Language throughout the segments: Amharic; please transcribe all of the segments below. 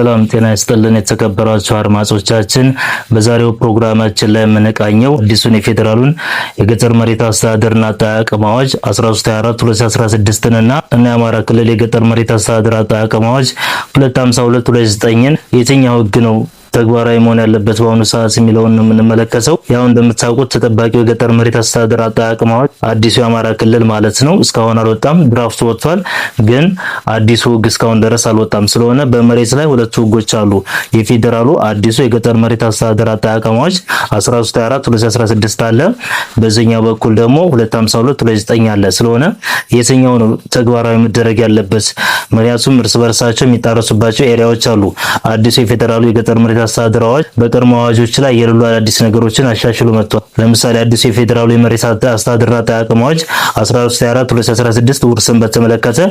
ሰላም ጤና ይስጥልን የተከበራችሁ አድማጮቻችን፣ በዛሬው ፕሮግራማችን ላይ የምንቃኘው አዲሱን የፌዴራሉን የገጠር መሬት አስተዳደርና አጠቃቀም አዋጅ 1324 2016 እና እና የአማራ ክልል የገጠር መሬት አስተዳደር አጠቃቀም አዋጅ 252 2009ን የትኛው ህግ ነው ተግባራዊ መሆን ያለበት በአሁኑ ሰዓት የሚለውን ነው የምንመለከተው። ያው እንደምታውቁት ተጠባቂው የገጠር መሬት አስተዳደር አጠቃቀም አዲሱ የአማራ ክልል ማለት ነው እስካሁን አልወጣም። ድራፍት ወጥቷል፣ ግን አዲሱ ህግ እስካሁን ድረስ አልወጣም። ስለሆነ በመሬት ላይ ሁለቱ ህጎች አሉ። የፌዴራሉ አዲሱ የገጠር መሬት አስተዳደር አጠቃቀም አዋጅ 1324 2016 አለ። በዚህኛው በኩል ደግሞ 252 2009 አለ። ስለሆነ የትኛው ነው ተግባራዊ መደረግ ያለበት? ምክንያቱም እርስ በርሳቸው የሚጣረሱባቸው ኤሪያዎች አሉ። አዲሱ የፌዴራሉ የገጠር መሬት አስተዳደራዎች በቀድሞ አዋጆች ላይ የሌሉ አዳዲስ ነገሮችን አሻሽሎ መጥቷል። ለምሳሌ አዲሱ የፌዴራሉ የመሬት አስተዳደርና አጠቃቀም አዋጅ 1324/2016 ውርስን በተመለከተ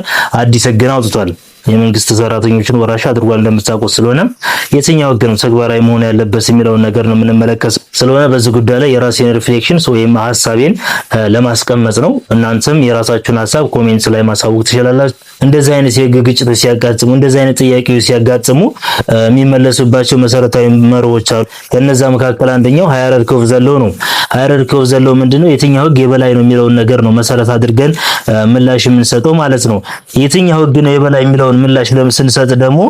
አዲስ ህግን አውጥቷል። የመንግስት ሰራተኞችን ወራሻ አድርጓል እንደምታውቁት ስለሆነ የትኛው ህግ ነው ተግባራዊ መሆን ያለበት የሚለውን ነገር ነው የምንመለከት ስለሆነ በዚህ ጉዳይ ላይ የራሴን ሪፍሌክሽን ወይም ሀሳቤን ለማስቀመጥ ነው። እናንተም የራሳችሁን ሀሳብ ኮሜንት ላይ ማሳወቅ ትችላላችሁ። እንደዚህ አይነት የህግ ግጭቶች ሲያጋጥሙ እንደዚህ አይነት ጥያቄዎች ሲያጋጥሙ የሚመለሱባቸው መሰረታዊ መርሆች አሉ። ከነዛ መካከል አንደኛው ሃይራርኪ ኮቭ ዘ ነው። ሃይራርኪ ኮቭ ዘ ምንድነው? የትኛው ህግ የበላይ ነው የሚለውን ነገር ነው መሰረት አድርገን ምላሽ የምንሰጠው ማለት ነው። የትኛው ህግ ነው የበላይ የሚለውን ምላሽ ስንሰጥ ደግሞ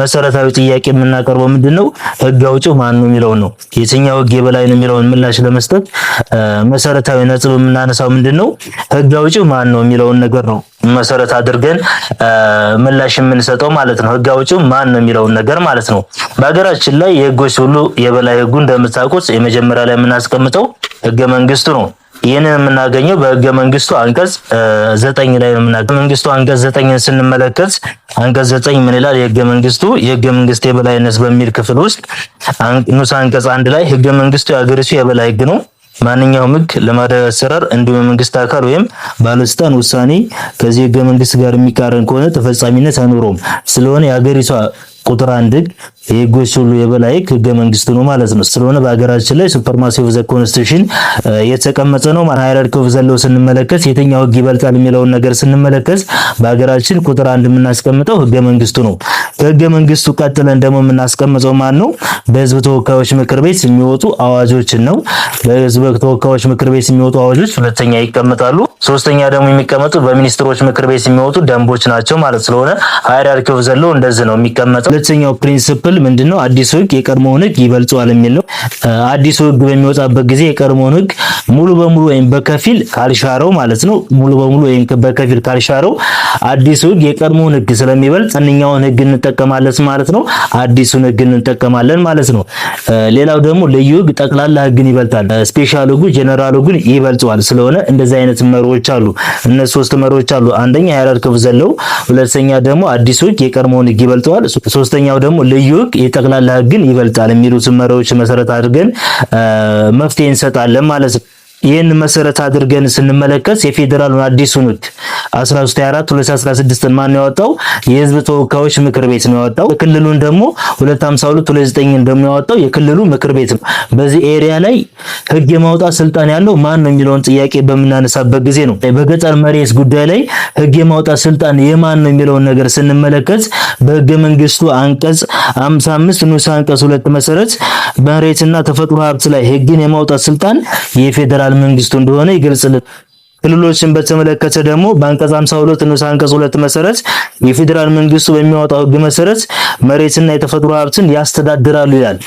መሰረታዊ ጥያቄ የምናቀርበው ምንድነው? ህግ አውጪው ማን ነው የሚለውን ነው። የትኛው ህግ የበላይ ነው የሚለውን ምላሽ ለመስጠት መሰረታዊ ነጥብ የምናነሳው ምንድነው? ህግ አውጪው ማን ነው የሚለውን ነገር ነው መሰረት አድርገን ምላሽ የምንሰጠው ማለት ነው። ህግ አውጪው ማን ነው የሚለውን ነገር ማለት ነው። በሀገራችን ላይ የህጎች ሁሉ የበላይ ህጉ እንደምታውቁት የመጀመሪያ ላይ የምናስቀምጠው ህገ መንግስቱ ነው። ይህንን የምናገኘው በህገ መንግስቱ አንቀጽ ዘጠኝ ላይ ነው የምናገኘው። መንግስቱ አንቀጽ ዘጠኝን ስንመለከት አንቀጽ ዘጠኝ ምን ይላል? የህገ መንግስቱ የህገ መንግስት የበላይነት በሚል ክፍል ውስጥ ንዑስ አንቀጽ አንድ ላይ ህገ መንግስቱ የሀገሪቱ የበላይ ህግ ነው ማንኛውም ህግ፣ ልማዳዊ አሰራር እንዲሁም የመንግስት አካል ወይም ባለስልጣን ውሳኔ ከዚህ ህገ መንግስት ጋር የሚቃረን ከሆነ ተፈጻሚነት አይኖረውም። ስለሆነ የሀገሪቷ ቁጥር አንድ ህግ የህጎች ሁሉ የበላይ ህግ ህገ መንግስት ነው ማለት ነው። ስለሆነ በሀገራችን ላይ ሱፐርማሲ ኦፍ ዘ ኮንስቲቱሽን የተቀመጠ ነው። ሃይራርኪ ኦፍ ዘለው ስንመለከት የትኛው ህግ ይበልጣል የሚለውን ነገር ስንመለከት በሀገራችን ቁጥር አንድ የምናስቀምጠው ህገ መንግስቱ ነው። በህገ መንግስቱ ቀጥለን ደግሞ የምናስቀምጠው ማን ነው? በህዝብ ተወካዮች ምክር ቤት የሚወጡ አዋጆችን ነው። በህዝብ ተወካዮች ምክር ቤት የሚወጡ አዋጆች ሁለተኛ ይቀመጣሉ። ሶስተኛ ደግሞ የሚቀመጡ በሚኒስትሮች ምክር ቤት የሚወጡ ደንቦች ናቸው ማለት ስለሆነ ሃይራርኪ ኦፍ ዘሎ እንደዚህ ነው የሚቀመጠው። ሁለተኛው ፕሪንሲፕል ምንድነው? አዲሱ ህግ የቀድሞውን ህግ ይበልጧል የሚል ነው። አዲሱ ህግ በሚወጣበት ጊዜ የቀድሞውን ህግ ሙሉ በሙሉ ወይም በከፊል ካልሻረው ማለት ነው ሙሉ በሙሉ ወይም በከፊል ካልሻረው አዲሱ ህግ የቀድሞውን ህግ ስለሚበልጥ ጥንኛውን ህግ እንጠ እንጠቀማለን ማለት ነው። አዲሱን ህግን እንጠቀማለን ማለት ነው። ሌላው ደግሞ ልዩ ህግ ጠቅላላ ህግን ይበልጣል፣ ስፔሻል ህጉ ጀነራል ህጉን ይበልጠዋል። ስለሆነ እንደዚህ አይነት መሮች አሉ። እነዚህ ሶስት መሮች አሉ። አንደኛ የሀረር ዘለው፣ ሁለተኛ ደግሞ አዲሱ ህግ የቀድሞውን ህግ ይበልጠዋል። ሶስተኛው ደግሞ ልዩ ህግ የጠቅላላ ህግን ይበልጣል የሚሉትን መሪዎች መሰረት አድርገን መፍትሄ እንሰጣለን ማለት ነው። ይህን መሰረት አድርገን ስንመለከት የፌዴራሉን አዲሱን ሕግ 1324 2016 ማን ያወጣው? የህዝብ ተወካዮች ምክር ቤት ነው ያወጣው። ክልሉን ደግሞ 252 29 ደግሞ ያወጣው የክልሉ ምክር ቤት ነው። በዚህ ኤሪያ ላይ ህግ የማውጣት ስልጣን ያለው ማን ነው የሚለውን ጥያቄ በምናነሳበት ጊዜ ነው። በገጠር መሬት ጉዳይ ላይ ህግ የማውጣት ስልጣን የማን ነው የሚለውን ነገር ስንመለከት በህገ መንግስቱ አንቀጽ 55 ንዑስ አንቀጽ 2 መሰረት መሬትና ተፈጥሮ ሀብት ላይ ህግን የማውጣት ስልጣን የፌዴራል የፌዴራል መንግስቱ እንደሆነ ይገልጽልን። ክልሎችን በተመለከተ ደግሞ በአንቀጽ 52 ንዑስ አንቀጽ 2 መሰረት የፌዴራል መንግስቱ በሚያወጣው ህግ መሰረት መሬትና የተፈጥሮ ሀብትን ያስተዳድራሉ ይላል።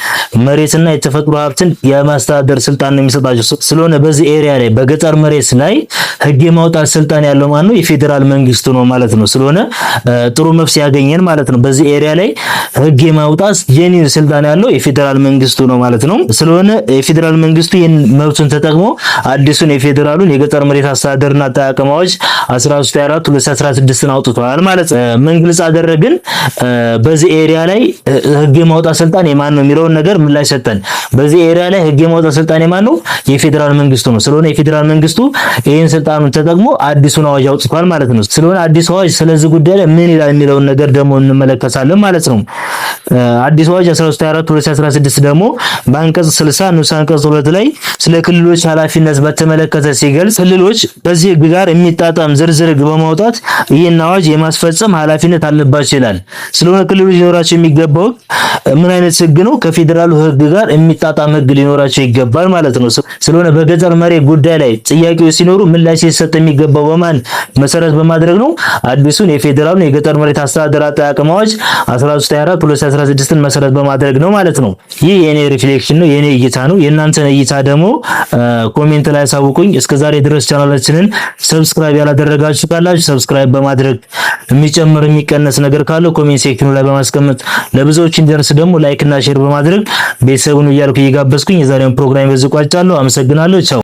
መሬትና የተፈጥሮ ሀብትን የማስተዳደር ስልጣን ነው የሚሰጣቸው። ስለሆነ በዚህ ኤሪያ ላይ በገጠር መሬት ላይ ህግ የማውጣት ስልጣን ያለው ማን ነው? የፌዴራል መንግስቱ ነው ማለት ነው። ስለሆነ ጥሩ መፍስ ያገኘን ማለት ነው። በዚህ ኤሪያ ላይ ህግ የማውጣት የኔን ስልጣን ያለው የፌዴራል መንግስቱ ነው ማለት ነው። ስለሆነ የፌዴራል መንግስቱ ይህን መብቱን ተጠቅሞ አዲሱን የፌዴራሉን የገጠር መሬት አስተዳደርና አጠቃቀም አዋጅ 1324 2016ን አውጥቷል ማለት ምን ግልጽ አደረግን? በዚህ ኤሪያ ላይ ህግ የማውጣት ስልጣን የማን ነው የሚለውን ነገር ምን ላይ ሰጠን? በዚህ ኤሪያ ላይ ህግ የማውጣት ስልጣን የማን ነው? የፌዴራል መንግስቱ ነው። ስለሆነ የፌዴራል መንግስቱ ይህን ስልጣኑን ተጠቅሞ አዲሱን አዋጅ አውጥቷል ማለት ነው። ስለሆነ አዲሱ አዋጅ ስለዚህ ጉዳይ ላይ ምን ይላል የሚለውን ነገር ደግሞ እንመለከታለን ማለት ነው። አዲስ አዋጅ 1324 2016 ደግሞ በአንቀጽ 60 ንዑስ አንቀጽ ሁለት ላይ ስለ ክልሎች ኃላፊነት በተመለከተ ሲገልጽ ክልሎች በዚህ ህግ ጋር የሚጣጣም ዝርዝር ህግ በማውጣት ይህን አዋጅ የማስፈጸም ኃላፊነት አለባቸው ይላል። ስለሆነ ክልሎች ሊኖራቸው የሚገባው ምን አይነት ህግ ነው? ከፌዴራሉ ህግ ጋር የሚጣጣም ህግ ሊኖራቸው ይገባል ማለት ነው። ስለሆነ በገጠር መሬት ጉዳይ ላይ ጥያቄዎች ሲኖሩ ምላሽ ሊሰጥ የሚገባው በማን መሰረት በማድረግ ነው? አዲሱን የፌዴራሉን የገጠር መሬት አስተዳደር አጠቃቀም አዋጅ 1324/2016ን መሰረት በማድረግ ነው ማለት ነው። ይህ የኔ ሪፍሌክሽን ነው፣ የኔ እይታ ነው። የእናንተን እይታ ደግሞ ኮሜንት ላይ አሳውቁኝ። እስከዛሬ ድረስ ቻናላችን ቻናላችንን ሰብስክራይብ ያላደረጋችሁ ካላችሁ ሰብስክራይብ በማድረግ የሚጨምር የሚቀነስ ነገር ካለ ኮሜንት ሴክሽኑ ላይ በማስቀመጥ ለብዙዎች እንዲደርስ ደግሞ ላይክ እና ሼር በማድረግ ቤተሰቡን እያልኩ እየጋበዝኩኝ የዛሬውን ፕሮግራም በዚህ ቋጫለሁ። አመሰግናለሁ። ቻው